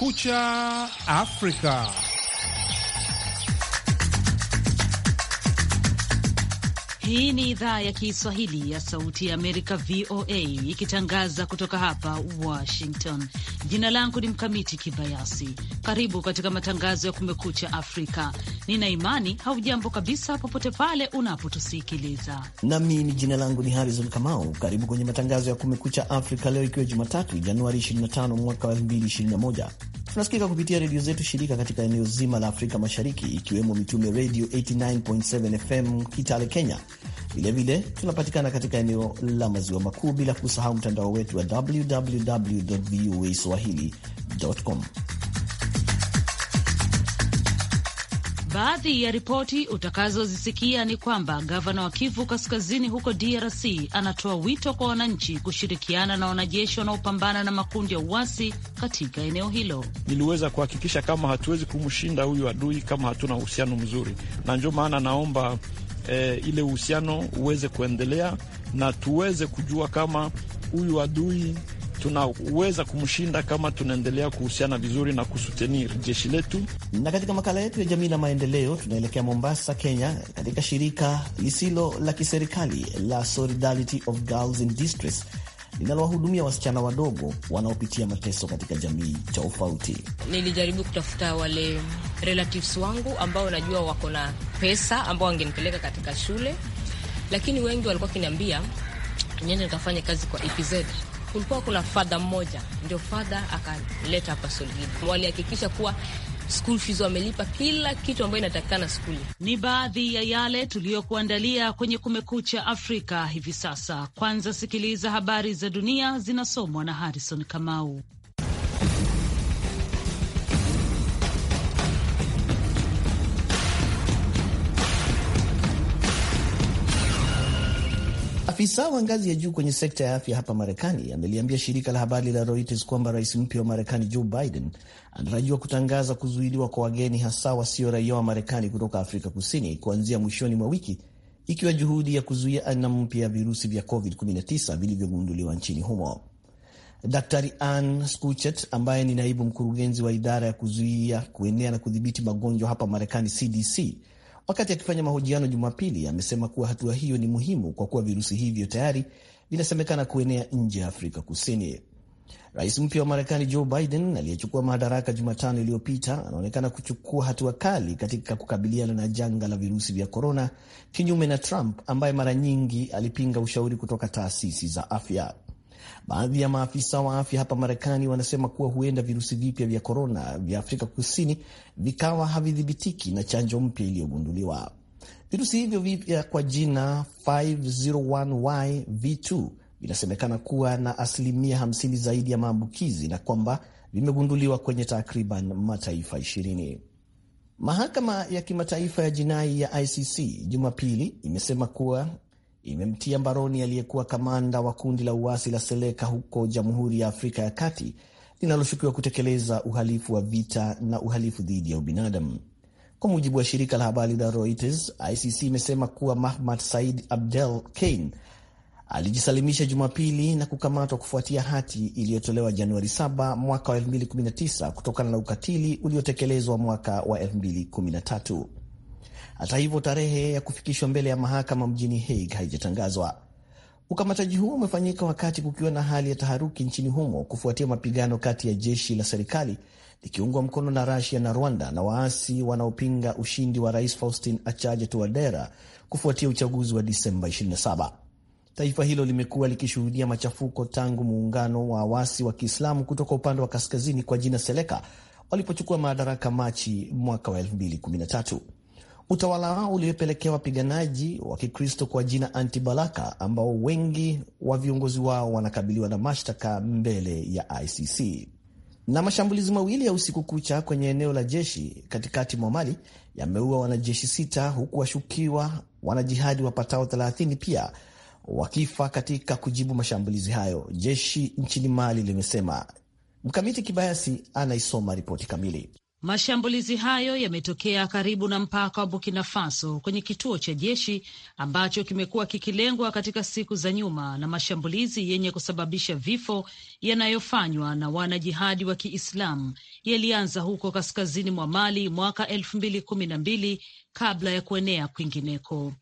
Kumekucha Afrika. Hii ni idhaa ya Kiswahili ya Sauti ya Amerika, VOA, ikitangaza kutoka hapa Washington. Jina langu ni Mkamiti Kibayasi. Karibu katika matangazo ya Kumekucha Afrika. Nina imani haujambo kabisa popote pale unapotusikiliza. Nami ni jina langu ni Harrison Kamau. Karibu kwenye matangazo ya Kumekucha Afrika leo, ikiwa Jumatatu Januari 25 mwaka 2021 Tunasikika kupitia redio zetu shirika katika eneo zima la Afrika Mashariki, ikiwemo Mitume Redio 89.7 FM Kitale, Kenya. Vilevile tunapatikana katika eneo la maziwa makuu, bila kusahau mtandao wetu wa www voa swahili.com. Baadhi ya ripoti utakazozisikia ni kwamba gavana wa Kivu Kaskazini huko DRC anatoa wito kwa wananchi kushirikiana na wanajeshi wanaopambana na makundi ya uasi katika eneo hilo. Niliweza kuhakikisha kama hatuwezi kumshinda huyu adui kama hatuna uhusiano mzuri, na ndio maana naomba eh, ile uhusiano uweze kuendelea na tuweze kujua kama huyu adui tunaweza kumshinda kama tunaendelea kuhusiana vizuri na kusuteni jeshi letu. Na katika makala yetu ya jamii na maendeleo, tunaelekea Mombasa, Kenya, katika shirika lisilo la kiserikali la Solidarity of Girls in Distress linalowahudumia wasichana wadogo wanaopitia mateso katika jamii tofauti. Nilijaribu kutafuta wale relatives wangu ambao najua wako na pesa ambao wangenipeleka katika shule, lakini wengi walikuwa kiniambia niende nikafanya kazi kwa EPZ kulikuwa kuna fadha mmoja, ndio fadha akaleta hapa Solgidi. Walihakikisha kuwa school fees wamelipa kila kitu ambayo inatakikana skuli. Ni baadhi ya yale tuliyokuandalia kwenye Kumekucha Afrika hivi sasa. Kwanza sikiliza habari za dunia zinasomwa na Harrison Kamau. Afisa wa ngazi ya juu kwenye sekta ya afya hapa Marekani ameliambia shirika la habari la Reuters kwamba rais mpya wa Marekani Joe Biden anatarajiwa kutangaza kuzuiliwa kwa wageni hasa wasio raia wa Marekani kutoka Afrika Kusini kuanzia mwishoni mwa wiki, ikiwa juhudi ya kuzuia aina mpya ya virusi vya COVID-19 vilivyogunduliwa nchini humo. Daktari Ann Skuchet ambaye ni naibu mkurugenzi wa idara ya kuzuia kuenea na kudhibiti magonjwa hapa Marekani, CDC, Wakati akifanya mahojiano Jumapili, amesema kuwa hatua hiyo ni muhimu kwa kuwa virusi hivyo tayari vinasemekana kuenea nje ya Afrika Kusini. Rais mpya wa Marekani Joe Biden aliyechukua madaraka Jumatano iliyopita anaonekana kuchukua hatua kali katika kukabiliana na janga la virusi vya korona, kinyume na Trump ambaye mara nyingi alipinga ushauri kutoka taasisi za afya. Baadhi ya maafisa wa afya hapa Marekani wanasema kuwa huenda virusi vipya vya korona vya Afrika Kusini vikawa havidhibitiki na chanjo mpya iliyogunduliwa. Virusi hivyo vipya kwa jina 501YV2 vinasemekana kuwa na asilimia 50 zaidi ya maambukizi na kwamba vimegunduliwa kwenye takriban mataifa 20. Mahakama ya Kimataifa ya Jinai ya ICC Jumapili imesema kuwa imemtia mbaroni aliyekuwa kamanda wa kundi la uasi la Seleka huko Jamhuri ya Afrika ya Kati linaloshukiwa kutekeleza uhalifu wa vita na uhalifu dhidi ya ubinadamu. Kwa mujibu wa shirika la habari la Reuters, ICC imesema kuwa Mahmad Said Abdel Kane alijisalimisha Jumapili na kukamatwa kufuatia hati iliyotolewa Januari 7 mwaka wa 2019 kutokana na ukatili uliotekelezwa mwaka wa 2013. Hata hivyo, tarehe ya kufikishwa mbele ya mahakama mjini Hague haijatangazwa. Ukamataji huo umefanyika wakati kukiwa na hali ya taharuki nchini humo kufuatia mapigano kati ya jeshi la serikali likiungwa mkono na rusia na Rwanda na waasi wanaopinga ushindi wa Rais Faustin Achaje Tuadera kufuatia uchaguzi wa Disemba 27. Taifa hilo limekuwa likishuhudia machafuko tangu muungano wa waasi wa Kiislamu kutoka upande wa kaskazini kwa jina Seleka walipochukua madaraka Machi mwaka wa 2013. Utawala wao uliopelekea wapiganaji wa Kikristo kwa jina Antibalaka, ambao wengi wa viongozi wao wanakabiliwa na mashtaka mbele ya ICC. Na mashambulizi mawili ya usiku kucha kwenye eneo la jeshi katikati mwa Mali yameua wanajeshi sita huku washukiwa wanajihadi wapatao 30 pia wakifa katika kujibu mashambulizi hayo, jeshi nchini Mali limesema. Mkamiti Kibayasi anaisoma ripoti kamili. Mashambulizi hayo yametokea karibu na mpaka wa Burkina Faso kwenye kituo cha jeshi ambacho kimekuwa kikilengwa katika siku za nyuma na mashambulizi yenye kusababisha vifo yanayofanywa na wanajihadi wa Kiislamu yalianza huko kaskazini mwa Mali mwaka elfu mbili kumi na mbili kabla ya kuenea kwingineko.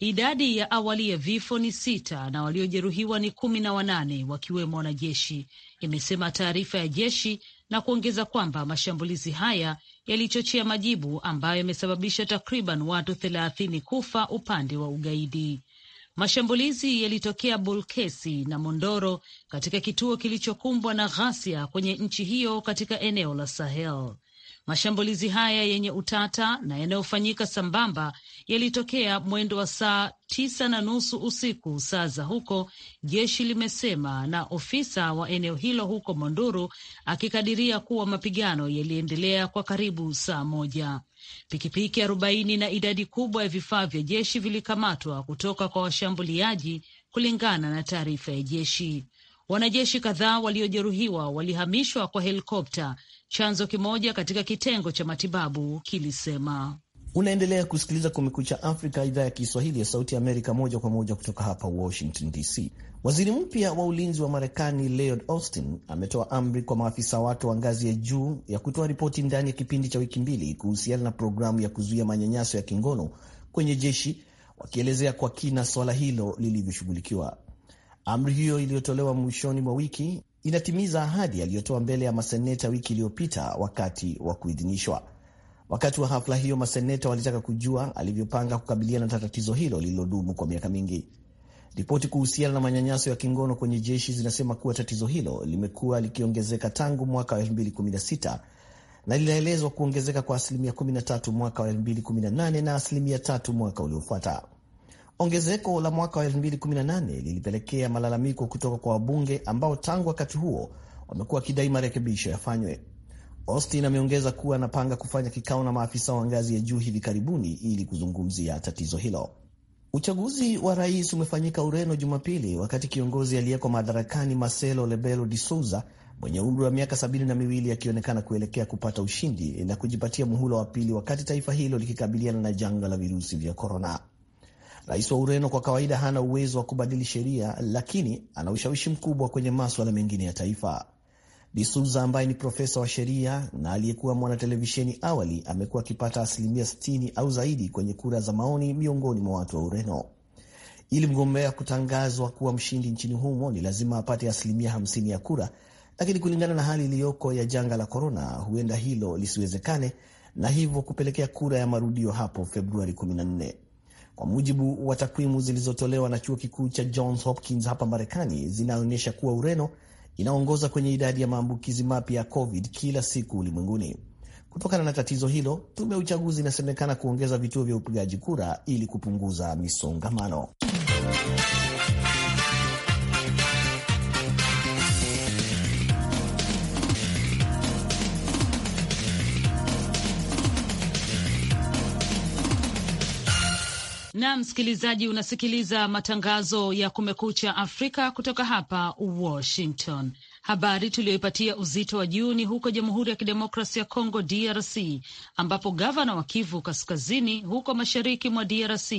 Idadi ya awali ya vifo ni sita na waliojeruhiwa ni kumi na wanane wakiwemo wanajeshi, imesema taarifa ya jeshi na kuongeza kwamba mashambulizi haya yalichochea majibu ambayo yamesababisha takriban watu thelathini kufa upande wa ugaidi. Mashambulizi yalitokea Bulkesi na Mondoro katika kituo kilichokumbwa na ghasia kwenye nchi hiyo katika eneo la Sahel. Mashambulizi haya yenye utata na yanayofanyika sambamba yalitokea mwendo wa saa tisa na nusu usiku saa za huko, jeshi limesema, na ofisa wa eneo hilo huko Monduru akikadiria kuwa mapigano yaliendelea kwa karibu saa moja. Pikipiki arobaini na idadi kubwa ya vifaa vya jeshi vilikamatwa kutoka kwa washambuliaji, kulingana na taarifa ya jeshi. Wanajeshi kadhaa waliojeruhiwa walihamishwa kwa helikopta chanzo kimoja katika kitengo cha matibabu kilisema. Unaendelea kusikiliza Kumekucha Afrika, idhaa ya Kiswahili ya Sauti ya Amerika, moja kwa moja kutoka hapa Washington DC. Waziri mpya wa ulinzi wa Marekani Lloyd Austin ametoa amri kwa maafisa wake wa ngazi ya juu ya kutoa ripoti ndani ya kipindi cha wiki mbili kuhusiana na programu ya kuzuia manyanyaso ya kingono kwenye jeshi, wakielezea kwa kina swala hilo lilivyoshughulikiwa. Amri hiyo iliyotolewa mwishoni mwa wiki inatimiza ahadi aliyotoa mbele ya maseneta wiki iliyopita wakati wa kuidhinishwa. Wakati wa hafla hiyo, maseneta walitaka kujua alivyopanga kukabiliana na tatizo hilo lililodumu kwa miaka mingi. Ripoti kuhusiana na manyanyaso ya kingono kwenye jeshi zinasema kuwa tatizo hilo limekuwa likiongezeka tangu mwaka wa 2016 na linaelezwa kuongezeka kwa asilimia 13 mwaka wa 2018 na asilimia 3 mwaka uliofuata. Ongezeko la mwaka wa 2018 lilipelekea malalamiko kutoka kwa wabunge ambao tangu wakati huo wamekuwa wakidai marekebisho yafanywe. Austin ameongeza kuwa anapanga kufanya kikao na maafisa wa ngazi ya juu hivi karibuni ili kuzungumzia tatizo hilo. Uchaguzi wa rais umefanyika Ureno Jumapili, wakati kiongozi aliyeko madarakani Marcelo Rebelo de Sousa mwenye umri wa miaka sabini na miwili akionekana kuelekea kupata ushindi na kujipatia muhula wa pili, wakati taifa hilo likikabiliana na janga la virusi vya korona. Rais wa Ureno kwa kawaida hana uwezo wa kubadili sheria, lakini ana ushawishi mkubwa kwenye maswala mengine ya taifa. Disuza ambaye ni profesa wa sheria na aliyekuwa mwanatelevisheni awali, amekuwa akipata asilimia 60 au zaidi kwenye kura za maoni miongoni mwa watu wa Ureno. Ili mgombea kutangazwa kuwa mshindi nchini humo ni lazima apate asilimia 50 ya kura, lakini kulingana na hali iliyoko ya janga la korona, huenda hilo lisiwezekane na hivyo kupelekea kura ya marudio hapo Februari kwa mujibu wa takwimu zilizotolewa na chuo kikuu cha Johns Hopkins hapa Marekani zinaonyesha kuwa Ureno inaongoza kwenye idadi ya maambukizi mapya ya COVID kila siku ulimwenguni. Kutokana na tatizo hilo, tume ya uchaguzi inasemekana kuongeza vituo vya upigaji kura ili kupunguza misongamano. na msikilizaji, unasikiliza matangazo ya Kumekucha Afrika kutoka hapa Washington. Habari tuliyoipatia uzito wa juu ni huko Jamhuri ya kidemokrasi ya Kongo, DRC, ambapo gavana wa Kivu Kaskazini huko mashariki mwa DRC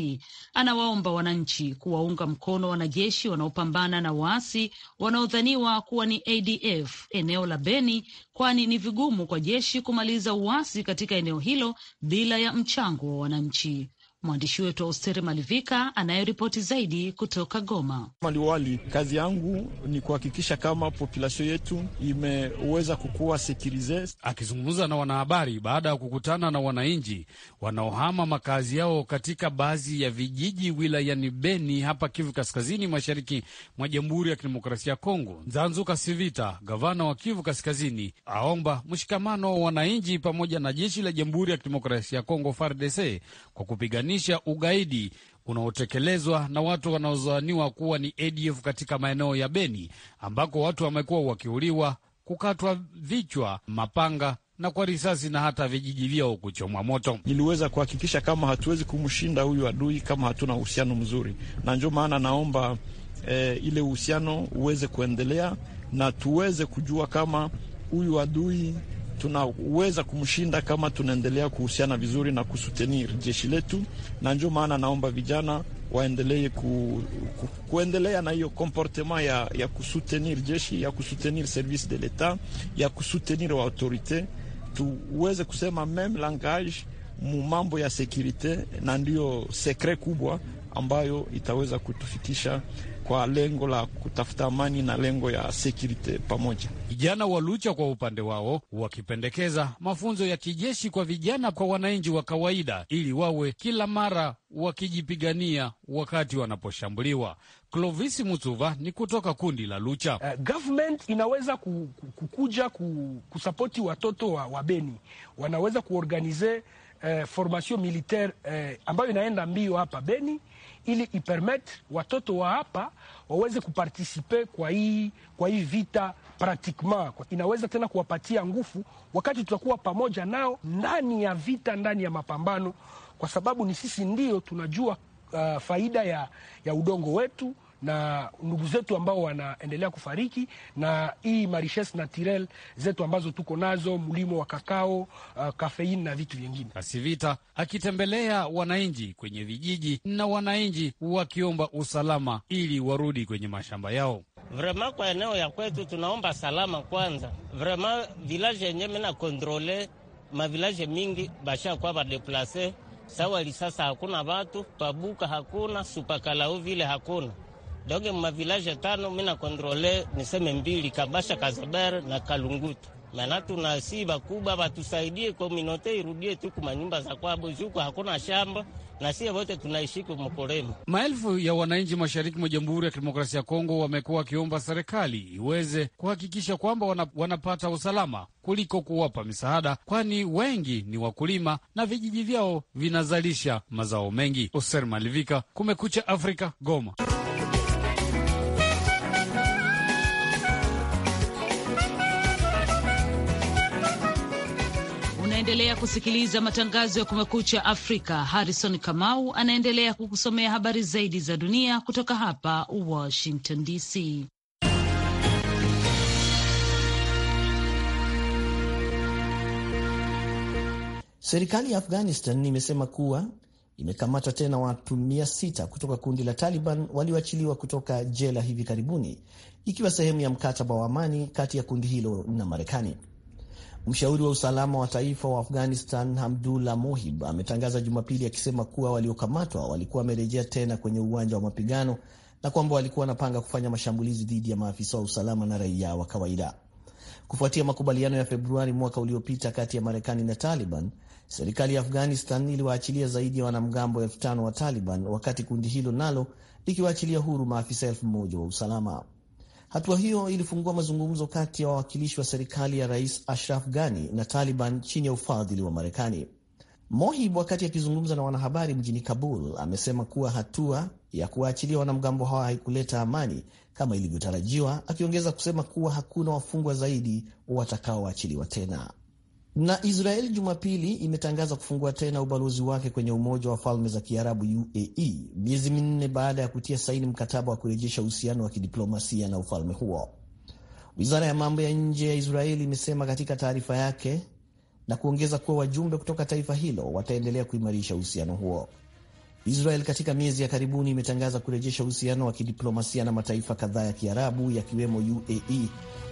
anawaomba wananchi kuwaunga mkono wanajeshi wanaopambana na waasi wanaodhaniwa kuwa ni ADF eneo la Beni, kwani ni vigumu kwa jeshi kumaliza uasi katika eneo hilo bila ya mchango wa wananchi. Mwandishi wetu wa Usteri Malivika anayeripoti zaidi kutoka Goma. Maliwali, kazi yangu ni kuhakikisha kama populasio yetu imeweza kukuwa sekirize. Akizungumza na wanahabari baada ya kukutana na wananchi wanaohama makazi yao katika baadhi ya vijiji wilayani Beni hapa Kivu Kaskazini, mashariki mwa Jamhuri ya Kidemokrasia ya Kongo, Nzanzu Kasivita, gavana wa Kivu Kaskazini, aomba mshikamano wa wananchi pamoja na jeshi la Jamhuri ya Kidemokrasia ya Kongo FARDC kwa kupigania kubainisha ugaidi unaotekelezwa na watu wanaozaniwa kuwa ni ADF katika maeneo ya Beni ambako watu wamekuwa wakiuliwa, kukatwa vichwa mapanga na kwa risasi na hata vijiji vyao kuchomwa moto. Niliweza kuhakikisha kama hatuwezi kumshinda huyu adui kama hatuna uhusiano mzuri, na ndio maana naomba e, ile uhusiano uweze kuendelea na tuweze kujua kama huyu adui tunaweza kumshinda kama tunaendelea kuhusiana vizuri na kusutenir jeshi letu, na ndio maana naomba vijana waendelee ku, ku, kuendelea na hiyo komportema ya, ya kusutenir jeshi ya kusutenir service de l'etat ya kusutenir wa autorite, tuweze kusema meme langage mu mambo ya sekurite, na ndiyo sekre kubwa ambayo itaweza kutufikisha kwa lengo la kutafuta amani na lengo ya sekurite pamoja. Vijana wa Lucha kwa upande wao wakipendekeza mafunzo ya kijeshi kwa vijana kwa wananchi wa kawaida, ili wawe kila mara wakijipigania wakati wanaposhambuliwa. Clovis Mutuva ni kutoka kundi la Lucha. Uh, government inaweza kukuja kusapoti watoto wa, wa Beni wanaweza kuorganize uh, formation militaire uh, ambayo inaenda mbio hapa Beni ili ipermete watoto wa hapa waweze kupartisipe kwa hii kwa hii vita pratiquement, inaweza tena kuwapatia nguvu wakati tutakuwa pamoja nao ndani ya vita, ndani ya mapambano, kwa sababu ni sisi ndio tunajua uh, faida ya, ya udongo wetu na ndugu zetu ambao wanaendelea kufariki, na hii marishes naturel zetu ambazo tuko nazo, mlimo wa kakao, uh, kafein na vitu vingine. Asivita akitembelea wananchi kwenye vijiji na wananchi wakiomba usalama ili warudi kwenye mashamba yao. Vrema kwa eneo ya kwetu tunaomba salama kwanza. Vrema vilaje yenye mina kontrole mavilaje mingi basha kwa badeplase sawali, sasa hakuna vatu pabuka, hakuna supakalau vile hakuna doge village tano mina kontrole niseme mbili kabasha kazaber na kalungutu mana tuna si bakubwa batusaidie kominote irudie tu ku nyumba za kwabo juko hakuna shamba na sie wote tunaishi mkulima. Maelfu ya wananchi mashariki mwa Jamhuri ya Kidemokrasia ya Kongo wamekuwa wakiomba serikali iweze kuhakikisha kwamba wanapata usalama kuliko kuwapa misaada, kwani wengi ni wakulima na vijiji vyao vinazalisha mazao mengi. Oser Malivika, Kumekucha Afrika, Goma. Unaendelea kusikiliza matangazo ya Kumekucha Afrika. Harrison Kamau anaendelea kukusomea habari zaidi za dunia kutoka hapa Washington DC. Serikali ya Afghanistan imesema kuwa imekamata tena watu mia sita kutoka kundi la Taliban walioachiliwa kutoka jela hivi karibuni, ikiwa sehemu ya mkataba wa amani kati ya kundi hilo na Marekani. Mshauri wa usalama wa taifa wa Afghanistan Hamdullah Mohib ametangaza Jumapili akisema kuwa waliokamatwa walikuwa wamerejea tena kwenye uwanja wa mapigano na kwamba walikuwa wanapanga kufanya mashambulizi dhidi ya maafisa wa usalama na raia wa kawaida. Kufuatia makubaliano ya Februari mwaka uliopita kati ya Marekani na Taliban, serikali ya Afghanistan iliwaachilia zaidi ya wanamgambo elfu tano wa Taliban, wakati kundi hilo nalo likiwaachilia huru maafisa elfu moja wa usalama. Hatua hiyo ilifungua mazungumzo kati ya wawakilishi wa serikali ya Rais Ashraf Ghani na Taliban chini ya ufadhili wa Marekani. Mohib, wakati akizungumza na wanahabari mjini Kabul, amesema kuwa hatua ya kuwaachilia wanamgambo hawa haikuleta amani kama ilivyotarajiwa, akiongeza kusema kuwa hakuna wafungwa zaidi watakaoachiliwa tena. Na Israeli Jumapili imetangaza kufungua tena ubalozi wake kwenye Umoja wa Falme za Kiarabu, UAE, miezi minne baada ya kutia saini mkataba wa kurejesha uhusiano wa kidiplomasia na ufalme huo. Wizara ya mambo ya nje ya Israeli imesema katika taarifa yake na kuongeza kuwa wajumbe kutoka taifa hilo wataendelea kuimarisha uhusiano huo. Israel katika miezi ya karibuni imetangaza kurejesha uhusiano wa kidiplomasia na mataifa kadhaa ya Kiarabu yakiwemo UAE,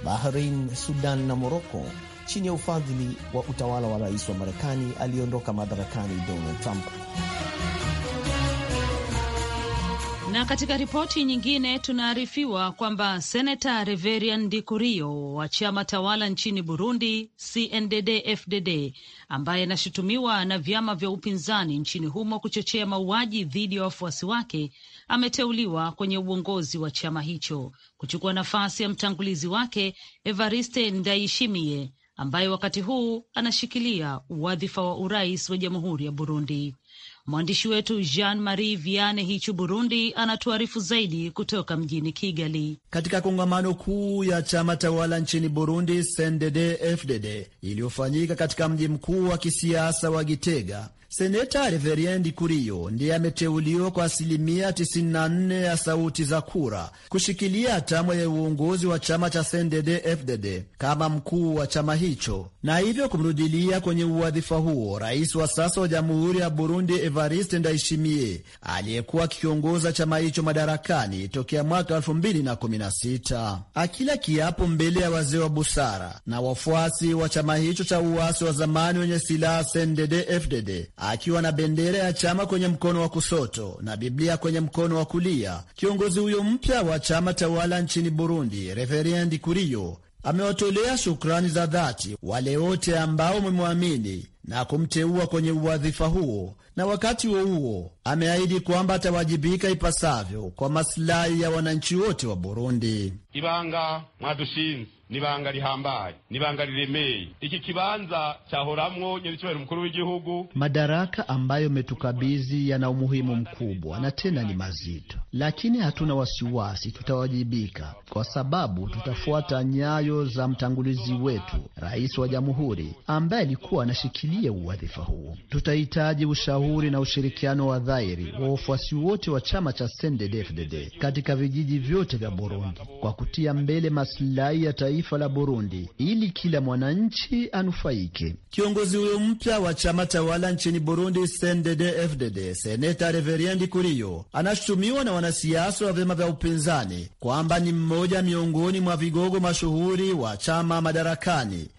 Bahrain, Sudan na Moroko chini ya ufadhili wa utawala wa rais wa Marekani aliyeondoka madarakani Donald Trump. Na katika ripoti nyingine tunaarifiwa kwamba senata Reverian kurio wa chama tawala nchini Burundi, CNDD-FDD, ambaye anashutumiwa na vyama vya upinzani nchini humo kuchochea mauaji dhidi ya wafuasi wake, ameteuliwa kwenye uongozi wa chama hicho kuchukua nafasi ya mtangulizi wake Evariste Ndayishimiye ambaye wakati huu anashikilia wadhifa wa urais wa jamhuri ya Burundi. Mwandishi wetu Jean Marie Viane Hichu Burundi anatuarifu zaidi kutoka mjini Kigali. Katika kongamano kuu ya chama tawala nchini Burundi CNDD FDD iliyofanyika katika mji mkuu wa kisiasa wa Gitega, Seneta di Kurio ndiye ameteuliwa kwa asilimia 94 ya sauti za kura kushikilia hatamu ya uongozi wa chama cha CNDD-FDD kama mkuu wa chama hicho na hivyo kumrudilia kwenye uwadhifa huo rais wa sasa wa Jamhuri ya Burundi Evariste Ndayishimiye aliyekuwa akikiongoza chama hicho madarakani tokea mwaka 2016 akila kiapo mbele ya wazee wa busara na wafuasi wa chama hicho cha uasi wa zamani wenye silaha CNDD-FDD akiwa na bendera ya chama kwenye mkono wa kusoto na Biblia kwenye mkono wa kulia. Kiongozi huyo mpya wa chama tawala nchini Burundi, Reverend Kurio, amewatolea shukrani za dhati wale wote ambao mmemwamini na kumteua kwenye uwadhifa huo, na wakati huo huo ameahidi kwamba atawajibika ipasavyo kwa masilahi ya wananchi wote wa Burundi. Ibanga mwadushinzi n'ibanga lihambaye n'ibanga riremeye iki kibanza chahoramwo nyericyubahiro mukuru w'igihugu. Madaraka ambayo metukabizi yana umuhimu mkubwa na tena ni mazito, lakini hatuna wasiwasi, tutawajibika kwa sababu tutafuata nyayo za mtangulizi wetu, rais wa jamhuri ambaye alikuwa anashikilia uwadhifa huo Tutahitaji ushauri na ushirikiano wa dhairi wa wafuasi wote wa chama cha cndd katika vijiji vyote vya Burundi kwa kutia mbele maslahi ya taifa taifa la Burundi ili kila mwananchi anufaike. Kiongozi huyo mpya wa chama tawala nchini Burundi CNDD-FDD, seneta Reveriendi Kuriyo, anashutumiwa na wanasiasa wa vyama vya upinzani kwamba ni mmoja miongoni mwa vigogo mashuhuri wa chama madarakani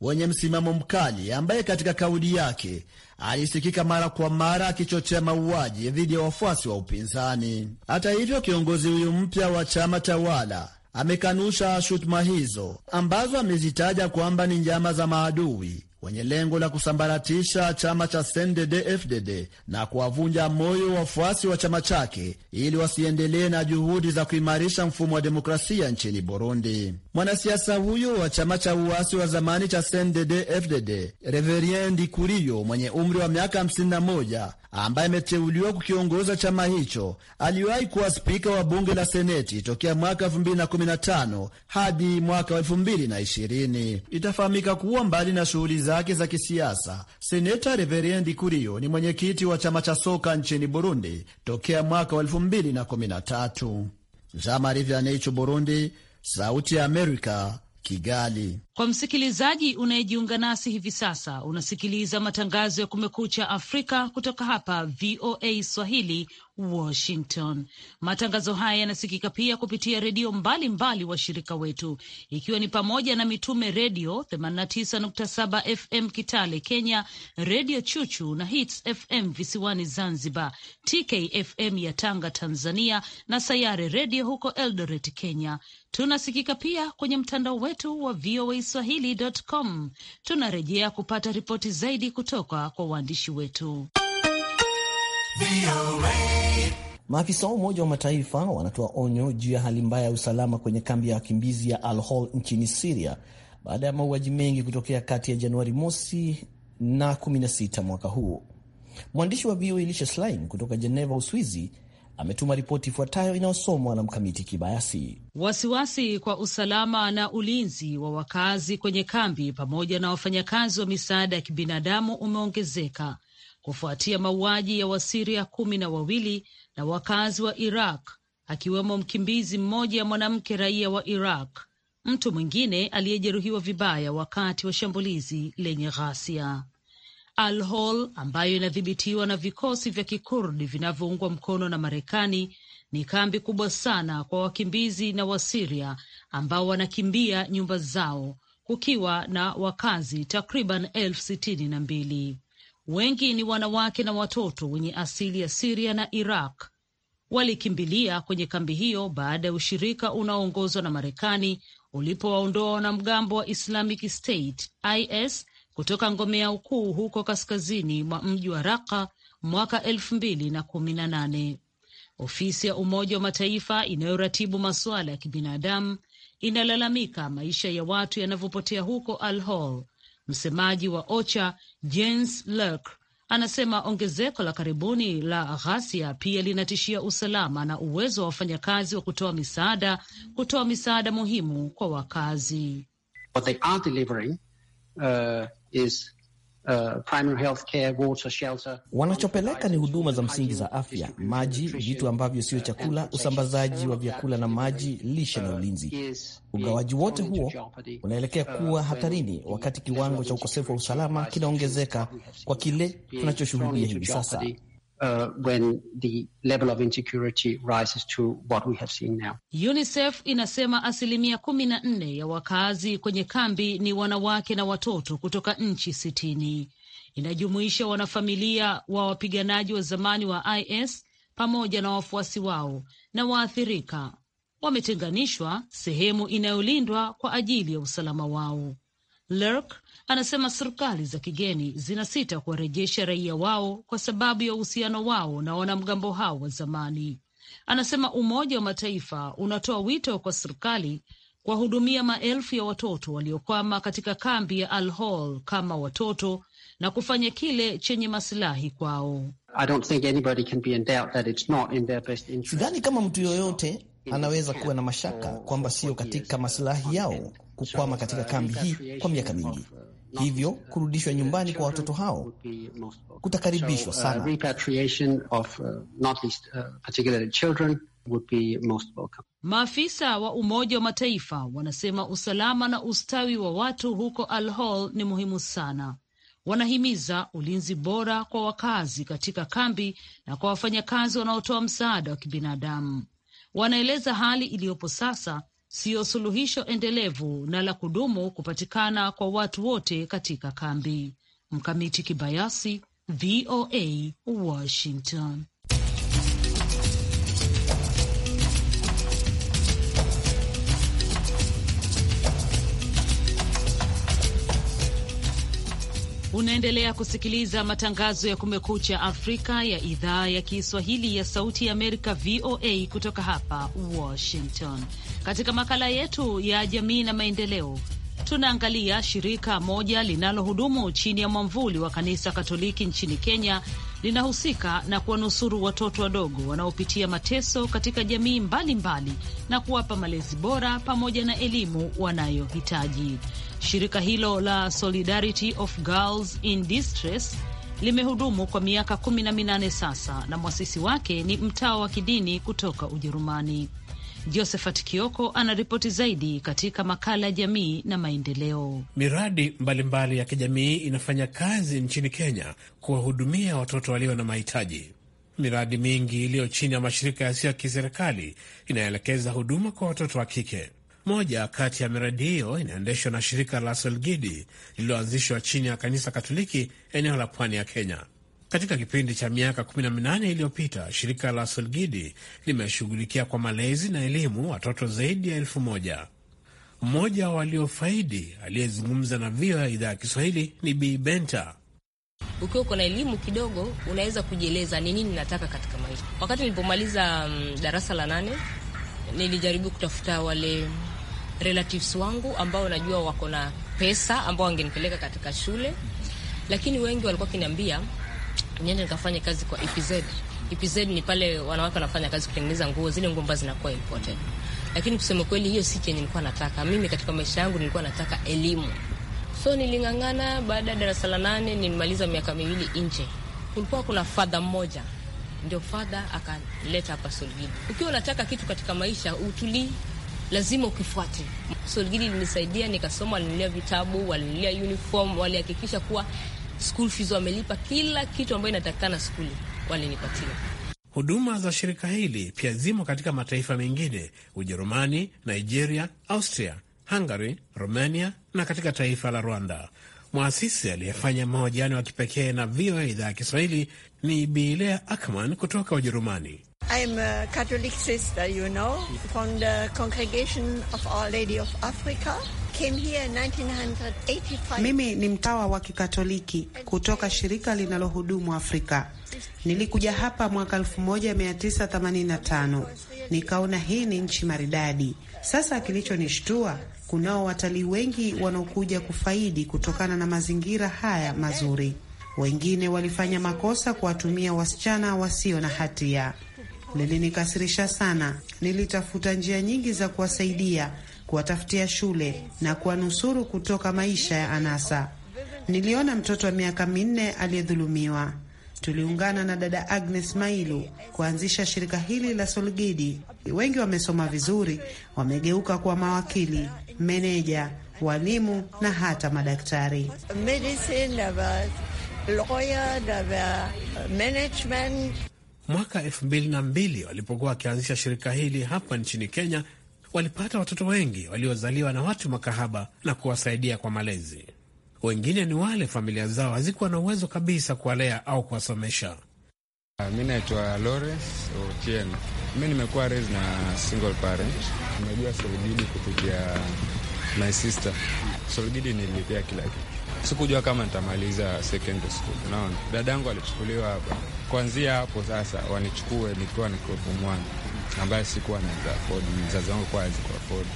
wenye msimamo mkali ambaye katika kauli yake alisikika mara kwa mara akichochea mauaji dhidi ya wafuasi wa upinzani. Hata hivyo, kiongozi huyu mpya wa chama tawala amekanusha shutuma hizo ambazo amezitaja kwamba ni njama za maadui wenye lengo la kusambaratisha chama cha CNDD-FDD na kuwavunja moyo wafuasi wa chama chake ili wasiendelee na juhudi za kuimarisha mfumo wa demokrasia nchini Burundi. Mwanasiasa huyo wa chama cha uasi wa zamani cha CNDD-FDD Reverien Ndikuriyo mwenye umri wa miaka 51 ambaye ameteuliwa kukiongoza chama hicho aliwahi kuwa spika wa bunge la seneti tokea mwaka 2015 hadi mwaka 2020. Itafahamika kuwa mbali na shughuli zake za kisiasa, seneta Reverendi Kurio ni mwenyekiti wa chama cha soka nchini Burundi tokea mwaka 2013. Jean Burundi, Sauti ya Amerika, Kigali. Kwa msikilizaji unayejiunga nasi hivi sasa, unasikiliza matangazo ya Kumekucha Afrika kutoka hapa VOA Swahili, Washington. Matangazo haya yanasikika pia kupitia redio mbalimbali washirika wetu, ikiwa ni pamoja na Mitume Redio 89.7 FM Kitale Kenya, Redio Chuchu na Hits FM visiwani Zanzibar, TKFM ya Tanga Tanzania, na Sayare Redio huko Eldoret Kenya. Tunasikika pia kwenye mtandao wetu wa VOA Swahili.com. Tunarejea kupata ripoti zaidi kutoka kwa waandishi wetu. Maafisa wa Umoja wa Mataifa wanatoa onyo juu ya hali mbaya ya usalama kwenye kambi ya wakimbizi ya Al Hol nchini Siria baada ya mauaji mengi kutokea kati ya Januari mosi na 16 mwaka huu. Mwandishi wa VOA Lisha Schlein kutoka Jeneva, Uswizi ametuma ripoti ifuatayo inayosomwa na Mkamiti Kibayasi. Wasiwasi kwa usalama na ulinzi wa wakazi kwenye kambi pamoja na wafanyakazi wa misaada ya kibinadamu umeongezeka kufuatia mauaji ya Wasiria kumi na wawili na wakazi wa Iraq, akiwemo mkimbizi mmoja mwanamke raia wa Iraq. Mtu mwingine aliyejeruhiwa vibaya wakati wa shambulizi lenye ghasia. Al Hol ambayo inadhibitiwa na vikosi vya kikurdi vinavyoungwa mkono na Marekani ni kambi kubwa sana kwa wakimbizi na Wasiria ambao wanakimbia nyumba zao, kukiwa na wakazi takriban elfu sitini na mbili wengi ni wanawake na watoto wenye asili ya Siria na Iraq walikimbilia kwenye kambi hiyo baada ya ushirika unaoongozwa na Marekani ulipowaondoa wanamgambo wa Islamic State IS kutoka ngome yao kuu huko kaskazini mwa mji wa raqa mwaka elfu mbili na kumi na nane. Ofisi ya Umoja wa Mataifa inayoratibu masuala ya kibinadamu inalalamika maisha ya watu yanavyopotea huko Al Hol, Msemaji wa OCHA Jens Lurk anasema ongezeko la karibuni la ghasia pia linatishia usalama na uwezo wa wafanyakazi wa kutoa misaada kutoa misaada muhimu kwa wakazi. What they delivering, uh, is Uh, primary health care, water, shelter. Wanachopeleka ni huduma za msingi za afya, maji, vitu ambavyo sio uh, chakula, usambazaji wa uh, vyakula na maji, lishe na ulinzi. Ugawaji wote huo unaelekea kuwa hatarini, wakati kiwango cha ukosefu wa usalama kinaongezeka kwa kile tunachoshuhudia hivi sasa. Uh, when the level of insecurity rises to what we have seen now. UNICEF inasema asilimia kumi na nne ya wakazi kwenye kambi ni wanawake na watoto kutoka nchi sitini. Inajumuisha wanafamilia wa wapiganaji wa zamani wa IS pamoja na wafuasi wao na waathirika. Wametenganishwa sehemu inayolindwa kwa ajili ya usalama wao. Lurk Anasema serikali za kigeni zinasita kuwarejesha raia wao kwa sababu ya uhusiano wao na wanamgambo hao wa zamani. Anasema Umoja wa Mataifa unatoa wito kwa serikali kuwahudumia maelfu ya watoto waliokwama katika kambi ya Al Hol kama watoto na kufanya kile chenye masilahi kwao. Sidhani kama mtu yoyote anaweza kuwa na mashaka kwamba sio katika masilahi yao kukwama katika kambi hii kwa miaka mingi hivyo kurudishwa nyumbani kwa watoto hao kutakaribishwa uh, sana. Uh, uh, Maafisa wa Umoja wa Mataifa wanasema usalama na ustawi wa watu huko Al Hol ni muhimu sana. Wanahimiza ulinzi bora kwa wakazi katika kambi na kwa wafanyakazi wanaotoa msaada wa kibinadamu. Wanaeleza hali iliyopo sasa siyo suluhisho endelevu na la kudumu kupatikana kwa watu wote katika kambi. Mkamiti Kibayasi, VOA, Washington. Unaendelea kusikiliza matangazo ya Kumekucha Afrika ya idhaa ya Kiswahili ya Sauti ya Amerika, VOA, kutoka hapa Washington. Katika makala yetu ya jamii na maendeleo, tunaangalia shirika moja linalohudumu chini ya mwamvuli wa kanisa Katoliki nchini Kenya linahusika na kuwanusuru watoto wadogo wanaopitia mateso katika jamii mbalimbali mbali, na kuwapa malezi bora pamoja na elimu wanayohitaji. Shirika hilo la Solidarity of Girls in Distress limehudumu kwa miaka 18 sasa na mwasisi wake ni mtawa wa kidini kutoka Ujerumani. Josephat Kioko anaripoti zaidi katika makala ya jamii na maendeleo. Miradi mbalimbali mbali ya kijamii inafanya kazi nchini Kenya kuwahudumia watoto walio na mahitaji. Miradi mingi iliyo chini ya mashirika yasiyo ya kiserikali inaelekeza huduma kwa watoto wa kike. Moja kati ya miradi hiyo inaendeshwa na shirika la Solgidi lililoanzishwa chini ya kanisa Katoliki eneo la pwani ya Kenya. Katika kipindi cha miaka 18 iliyopita, shirika la Solgidi limeshughulikia kwa malezi na elimu watoto zaidi ya elfu moja. Mmoja wa waliofaidi aliyezungumza na VOA idhaa ya Kiswahili ni Bi Benta. Ukiwa uko na elimu kidogo, unaweza kujieleza ni nini nataka katika maisha. Wakati nilipomaliza um, darasa la nane, nilijaribu kutafuta wale relatives wangu ambao najua wako na pesa ambao wangenipeleka katika shule, lakini wengi walikuwa kiniambia niende nikafanye kazi kwa EPZ. EPZ ni pale wanawake wanafanya kazi kutengeneza nguo, zile nguo ambazo zinakuwa imported. Lakini kusema kweli, hiyo si chenye nilikuwa nataka mimi. Katika maisha yangu nilikuwa nataka elimu, so niling'ang'ana. Baada ya darasa la nane nilimaliza miaka miwili nje, kulikuwa kuna fadha mmoja ndio fadha akaleta hapa Solgidi. Ukiwa unataka kitu katika maisha utulii lazima ukifuate. So hili limesaidia, nikasoma, walinunulia vitabu, walinunulia uniform, walihakikisha kuwa school fees wamelipa kila kitu ambayo inatakikana skuli, walinipatia. Huduma za shirika hili pia zimo katika mataifa mengine: Ujerumani, Nigeria, Austria, Hungary, Romania na katika taifa la Rwanda. Mwasisi aliyefanya mahojiano ya kipekee na VOA idhaa ya Kiswahili ni Bilea Akman kutoka Ujerumani. I'm a Catholic sister, you know, from the Congregation of Our Lady of Africa. Came here in 1985. Mimi ni mtawa wa Kikatoliki kutoka shirika linalohudumu Afrika. Nilikuja hapa mwaka 1985. Nikaona hii ni nchi maridadi. Sasa kilichonishtua kunao watalii wengi wanaokuja kufaidi kutokana na mazingira haya mazuri. Wengine walifanya makosa kuwatumia wasichana wasio na hatia lilinikasirisha sana. Nilitafuta njia nyingi za kuwasaidia, kuwatafutia shule na kuwanusuru kutoka maisha ya anasa. Niliona mtoto wa miaka minne aliyedhulumiwa. Tuliungana na dada Agnes Mailu kuanzisha shirika hili la Solgidi. Wengi wamesoma vizuri, wamegeuka kuwa mawakili, meneja, walimu na hata madaktari. Medicine, Mwaka elfu mbili na mbili walipokuwa wakianzisha shirika hili hapa nchini Kenya, walipata watoto wengi waliozaliwa na watu makahaba na kuwasaidia kwa malezi. Wengine ni wale familia zao hazikuwa na uwezo kabisa kuwalea au kuwasomesha. Uh, mi naitwa Lawrence Otien. Mi nimekuwa raised na single parent. Nimejua Solgidi kupitia my sister. Solgidi nilipia kila kitu, sikujua kama nitamaliza secondary school. Naona dadangu alichukuliwa hapa Kuanzia hapo sasa wanichukue nikiwa na crop one ambaye sikuwa naweza afford, mzazi wangu kuwa hawezi kuafford.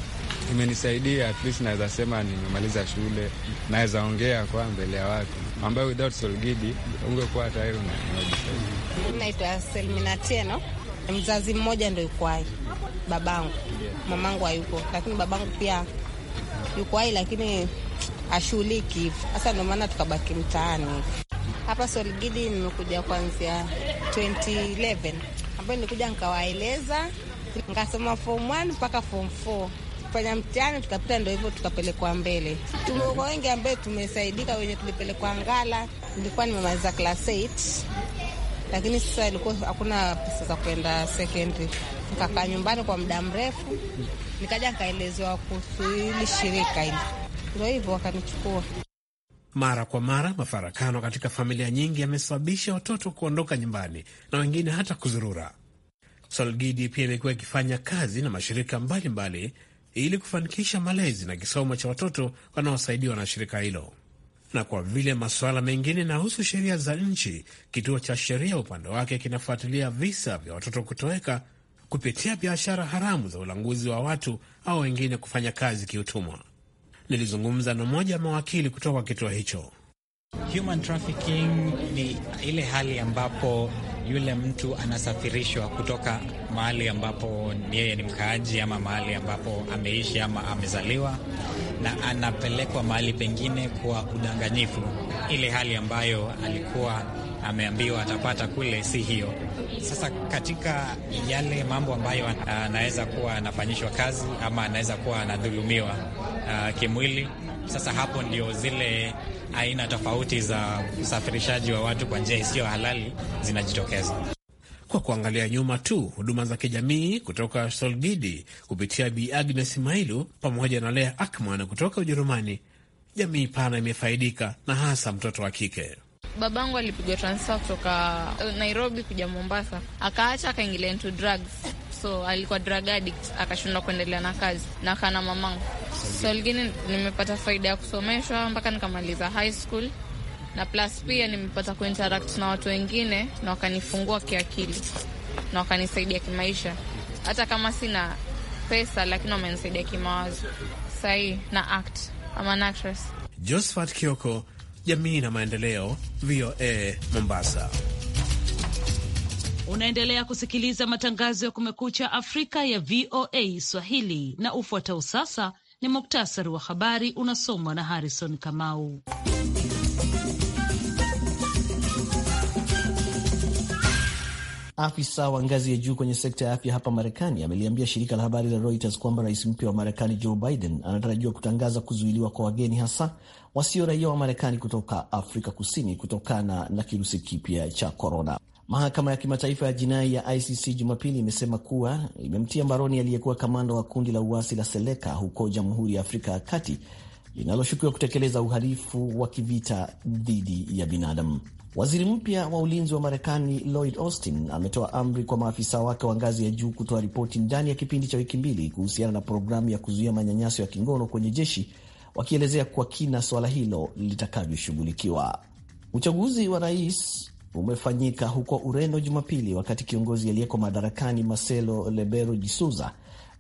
Imenisaidia at least naweza sema nimemaliza shule, naweza ongea kwa mbele ya watu ambayo without Solgidi ungekuwa tayari unajisaidia. Naitwa Selmina Tieno, mzazi mmoja ndo yuko hai, babangu. Mamangu hayuko, lakini babangu pia yuko hai, lakini ashughuliki hivo. Sasa ndo maana tukabaki mtaani hapa Solgidi nimekuja kuanzia 2011 ambayo nilikuja nikawaeleza, nikasoma form 1 mpaka form 4 fanya mtihani tukapita, ndo hivyo tukapelekwa mbele. Tumekuwa wengi ambaye tumesaidika, wenye tulipelekwa Ngala nilikuwa nimemaliza class 8 lakini sasa ilikuwa hakuna pesa za kwenda secondary, nikakaa nyumbani kwa muda mrefu, nikaja nikaelezewa kuhusu hili shirika hili, ndo hivyo wakanichukua. Mara kwa mara mafarakano katika familia nyingi yamesababisha watoto kuondoka nyumbani na wengine hata kuzurura. Solgidi pia imekuwa ikifanya kazi na mashirika mbalimbali mbali, ili kufanikisha malezi na kisomo cha watoto wanaosaidiwa na shirika hilo. Na kwa vile masuala mengine inahusu sheria za nchi, kituo cha sheria upande wake kinafuatilia visa vya watoto kutoweka kupitia biashara haramu za ulanguzi wa watu au wengine kufanya kazi kiutumwa. Nilizungumza na mmoja wa mawakili kutoka kituo hicho. Human trafficking ni ile hali ambapo yule mtu anasafirishwa kutoka mahali ambapo yeye ni mkaaji ama mahali ambapo ameishi ama amezaliwa, na anapelekwa mahali pengine kwa udanganyifu. Ile hali ambayo alikuwa ameambiwa atapata kule si hiyo. Sasa katika yale mambo ambayo anaweza kuwa anafanyishwa kazi ama anaweza kuwa anadhulumiwa, uh, kimwili. Sasa hapo ndio zile aina tofauti za usafirishaji wa watu kwa njia isiyo halali zinajitokeza. Kwa kuangalia nyuma tu, huduma za kijamii kutoka Solgidi kupitia Bi Agnes Mailu pamoja na Lea Akman kutoka Ujerumani, jamii pana imefaidika na hasa mtoto wa kike. Babangu alipigwa transfer kutoka eh, Nairobi kuja Mombasa, akaacha akaingilia into drugs, so alikuwa drug addict, akashindwa kuendelea na kazi na kana mamangu lingine nimepata faida ya kusomeshwa mpaka nikamaliza high school na plus pia nimepata kuinteract na watu wengine na wakanifungua kiakili na wakanisaidia kimaisha. Hata kama sina pesa, lakini wamenisaidia kimawazo. Sahii na act ama actress. Josephat Kioko, Jamii na Maendeleo, VOA Mombasa. Unaendelea kusikiliza matangazo ya Kumekucha Afrika ya VOA Swahili na ufuatao sasa ni muktasari wa habari unasomwa na Harrison Kamau. Afisa wa ngazi ya juu kwenye sekta ya afya hapa Marekani ameliambia shirika la habari la Reuters kwamba rais mpya wa Marekani Joe Biden anatarajiwa kutangaza kuzuiliwa kwa wageni hasa wasio raia wa Marekani kutoka Afrika Kusini kutokana na kirusi kipya cha korona. Mahakama ya kimataifa ya jinai ya ICC Jumapili imesema kuwa imemtia mbaroni aliyekuwa kamanda wa kundi la uasi la Seleka huko Jamhuri ya Afrika ya Kati linaloshukiwa kutekeleza uhalifu wa kivita dhidi ya binadamu. Waziri mpya wa ulinzi wa Marekani Lloyd Austin ametoa amri kwa maafisa wake wa ngazi ya juu kutoa ripoti ndani ya kipindi cha wiki mbili kuhusiana na programu ya kuzuia manyanyaso ya kingono kwenye jeshi, wakielezea kwa kina suala hilo litakavyoshughulikiwa. Uchaguzi wa rais umefanyika huko Ureno Jumapili, wakati kiongozi aliyeko madarakani Marcelo Rebelo jisuza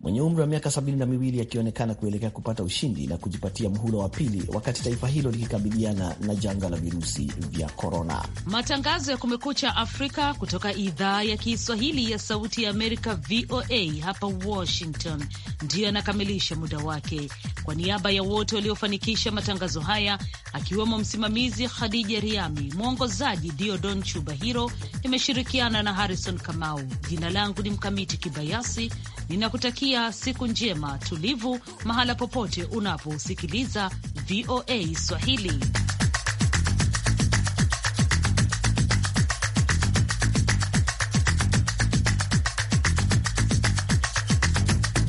mwenye umri wa miaka sabini na miwili akionekana kuelekea kupata ushindi na kujipatia mhula wa pili wakati taifa hilo likikabiliana na janga la virusi vya korona. Matangazo ya Kumekucha Afrika kutoka idhaa ya Kiswahili ya Sauti ya Amerika, VOA hapa Washington, ndiyo yanakamilisha muda wake. Kwa niaba ya wote waliofanikisha matangazo haya, akiwemo msimamizi Khadija Riami, mwongozaji Diodon Chubahiro, nimeshirikiana na Harrison Kamau. Jina langu ni Mkamiti Kibayasi, ninakutakia nikikutakia siku njema tulivu, mahala popote unaposikiliza VOA Swahili.